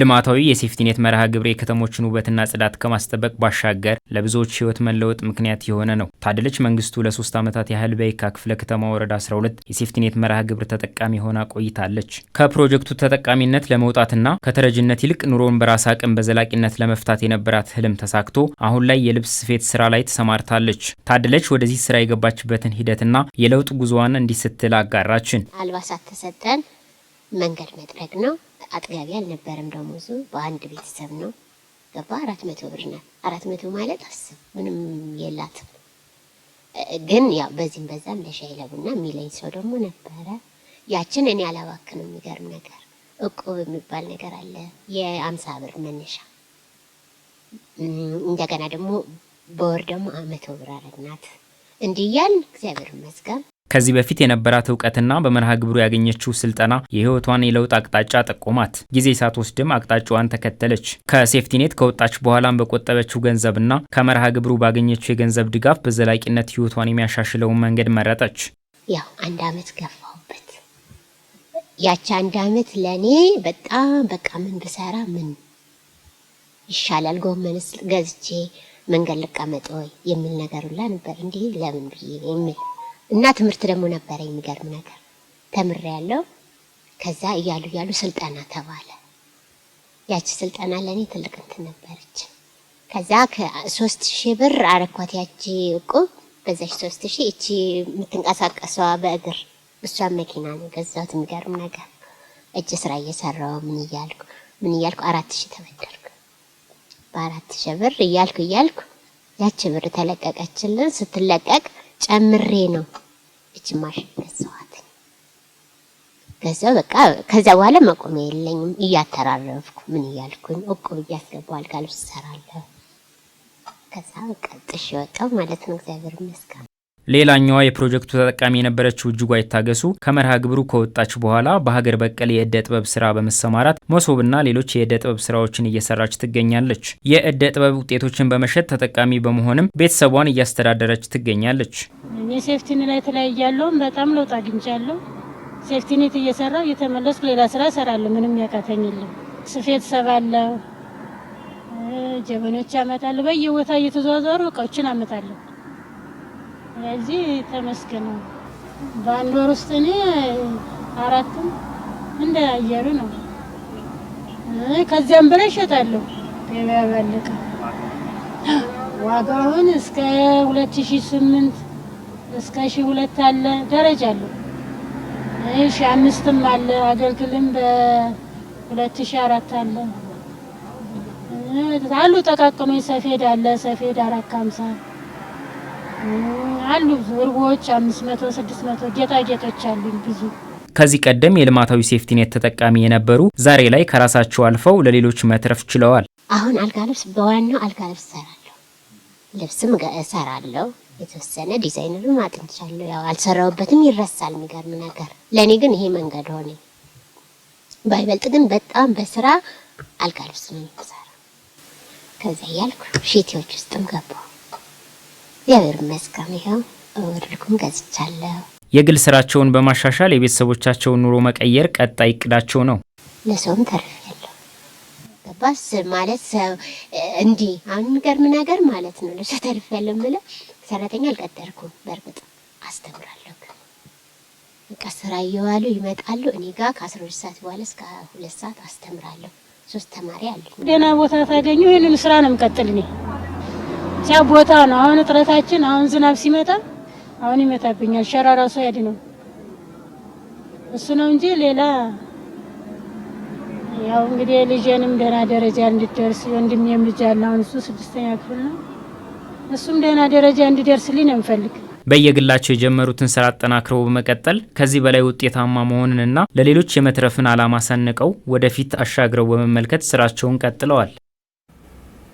ልማታዊ የሴፍቲኔት መርሃ ግብር የከተሞችን ውበትና ጽዳት ከማስጠበቅ ባሻገር ለብዙዎች ህይወት መለወጥ ምክንያት የሆነ ነው። ታደለች መንግስቱ ለሶስት ዓመታት ያህል በየካ ክፍለ ከተማ ወረዳ 12 የሴፍቲኔት መርሃ ግብር ተጠቃሚ ሆና ቆይታለች። ከፕሮጀክቱ ተጠቃሚነት ለመውጣትና ከተረጅነት ይልቅ ኑሮን በራስ አቅም በዘላቂነት ለመፍታት የነበራት ህልም ተሳክቶ አሁን ላይ የልብስ ስፌት ስራ ላይ ተሰማርታለች። ታደለች ወደዚህ ስራ የገባችበትን ሂደትና የለውጥ ጉዞዋን እንዲህ ስትል አጋራችን። አልባሳት ተሰጠን መንገድ መጥረግ ነው። አጥጋቢ አልነበረም ደሞዙ። በአንድ ቤተሰብ ነው ገባ። አራት መቶ ብር ናት። አራት መቶ ማለት አስብ፣ ምንም የላትም። ግን ያው በዚህም በዛም ለሻይ ለቡና የሚለኝ ሰው ደግሞ ነበረ። ያችን እኔ አላባክንም። የሚገርም ነገር እቁብ የሚባል ነገር አለ። የአምሳ ብር መነሻ እንደገና ደግሞ በወር ደግሞ አመቶ ብር አረግናት። እንዲህ እግዚአብሔር ይመስገን ከዚህ በፊት የነበራት እውቀትና በመርሃ ግብሩ ያገኘችው ስልጠና የህይወቷን የለውጥ አቅጣጫ ጠቆማት። ጊዜ ሳትወስድም አቅጣጫዋን ተከተለች። ከሴፍቲኔት ከወጣች በኋላም በቆጠበችው ገንዘብና ከመርሃ ግብሩ ባገኘችው የገንዘብ ድጋፍ በዘላቂነት ህይወቷን የሚያሻሽለውን መንገድ መረጠች። ያው አንድ አመት ገፋሁበት። ያቺ አንድ አመት ለእኔ በጣም በቃ ምን ብሰራ ምን ይሻላል ጎመንስ ገዝቼ መንገድ ልቀመጥ ወይ የሚል ነገር ሁላ ነበር። እንዲህ ለምን ብዬ የሚል እና ትምህርት ደግሞ ነበረ የሚገርም ነገር ተምሬ ያለው። ከዛ እያሉ እያሉ ስልጠና ተባለ። ያቺ ስልጠና ለእኔ ትልቅ እንትን ነበረች። ከዛ ከሶስት ሺህ ብር አረኳት። ያቺ እቁብ በዛች ሶስት ሺህ እቺ የምትንቀሳቀሰዋ በእግር እሷን መኪና ነው ገዛሁት። የሚገርም ነገር እጅ ስራ እየሰራው ምን እያልኩ ምን እያልኩ አራት ሺህ ተበደርኩ። በአራት ሺህ ብር እያልኩ እያልኩ ያቺ ብር ተለቀቀችልን። ስትለቀቅ ጨምሬ ነው እጅማሽ ማሽበት ሰዋትኝ። ከዛ በቃ ከዛ በኋላ መቆሚያ የለኝም። እያተራረፍኩ ምን እያልኩኝ እቁብ እያስገባዋል ካልብስ እሰራለሁ። ከዛ በቃ ጥሽ ወጣው ማለት ነው። እግዚአብሔር ይመስገን። ሌላኛዋ የፕሮጀክቱ ተጠቃሚ የነበረችው እጅጉ አይታገሱ ከመርሃ ግብሩ ከወጣች በኋላ በሀገር በቀል የእደ ጥበብ ስራ በመሰማራት መሶብና ሌሎች የእደ ጥበብ ስራዎችን እየሰራች ትገኛለች። የእደ ጥበብ ውጤቶችን በመሸጥ ተጠቃሚ በመሆንም ቤተሰቧን እያስተዳደረች ትገኛለች። የሴፍቲን ላይ ያለውም በጣም ለውጥ አግኝቻለሁ። ሴፍቲኔት እየሰራ እየተመለስኩ ሌላ ስራ እሰራለሁ። ምንም ያቃተኝ የለም። ስፌት ሰባለሁ፣ ጀበኖች አመጣለሁ። በየቦታ እየተዘዋዘሩ እቃዎችን አመጣለሁ። በዚህ ተመስገን በአንድ ወር ውስጥ እኔ አራቱም እንደ አየሩ ነው። ከዚያም በላይ እሸጣለሁ። ገበያ ባለቀ ዋጋውን እስከ ሁለት ሺ ስምንት እስከ ሺ ሁለት አለ ደረጃ አለው። ሺ አምስትም አለ አገልግልም በሁለት ሺ አራት አለ አሉ። ጠቃቅመኝ ሰፌድ አለ ሰፌድ አራት ከሀምሳ አሉ እርቦች አምስት መቶ ስድስት መቶ ጌጣጌጦች አሉኝ ብዙ። ከዚህ ቀደም የልማታዊ ሴፍቲኔት ተጠቃሚ የነበሩ ዛሬ ላይ ከራሳቸው አልፈው ለሌሎች መትረፍ ችለዋል። አሁን አልጋ ልብስ በዋናው አልጋ ልብስ እሰራለሁ፣ ልብስም እሰራለሁ። የተወሰነ ዲዛይነርም አጥንቻለሁ። ያው አልሰራውበትም ይረሳል። የሚገርም ነገር ለእኔ ግን ይሄ መንገድ ሆነ። ባይበልጥ ግን በጣም በስራ አልጋ ልብስ ነው የምሰራው። ከዚያ እያልኩ ሼቴዎች ውስጥም ገባሁ። እግዚአብሔር ይመስገን ይኸው ወደድኩም ገዝቻለሁ። የግል ስራቸውን በማሻሻል የቤተሰቦቻቸውን ኑሮ መቀየር ቀጣይ እቅዳቸው ነው። ለሰውም ተርፌያለሁ። ገባስ ማለት ሰው እንዲህ አሁን የሚገርም ነገር ማለት ነው። ለሰው ተርፌያለሁ የምለው ሰራተኛ አልቀጠርኩም። በእርግጥ አስተምራለሁ። በቃ ስራ እየዋሉ ይመጣሉ። እኔ ጋር ከአስራ ሁለት ሰዓት በኋላ እስከ ሁለት ሰዓት አስተምራለሁ። ሶስት ተማሪ አለ። ደህና ቦታ ታገኙ። ይህንን ስራ ነው የምቀጥል እኔ ያ ቦታ ነው አሁን እጥረታችን። አሁን ዝናብ ሲመጣ አሁን ይመታብኛል። ሸራ ራሱ ያድ ነው እሱ ነው እንጂ ሌላ ያው እንግዲህ ልጄንም ደህና ደረጃ እንድደርስ ወንድሜም ልጅ አለ አሁን እሱ ስድስተኛ ክፍል ነው። እሱም ደህና ደረጃ እንድደርስልኝ ነው የምፈልግ። በየግላቸው የጀመሩትን ስራ አጠናክረው በመቀጠል ከዚህ በላይ ውጤታማ መሆንንና ለሌሎች የመትረፍን ዓላማ ሰንቀው ወደፊት አሻግረው በመመልከት ስራቸውን ቀጥለዋል።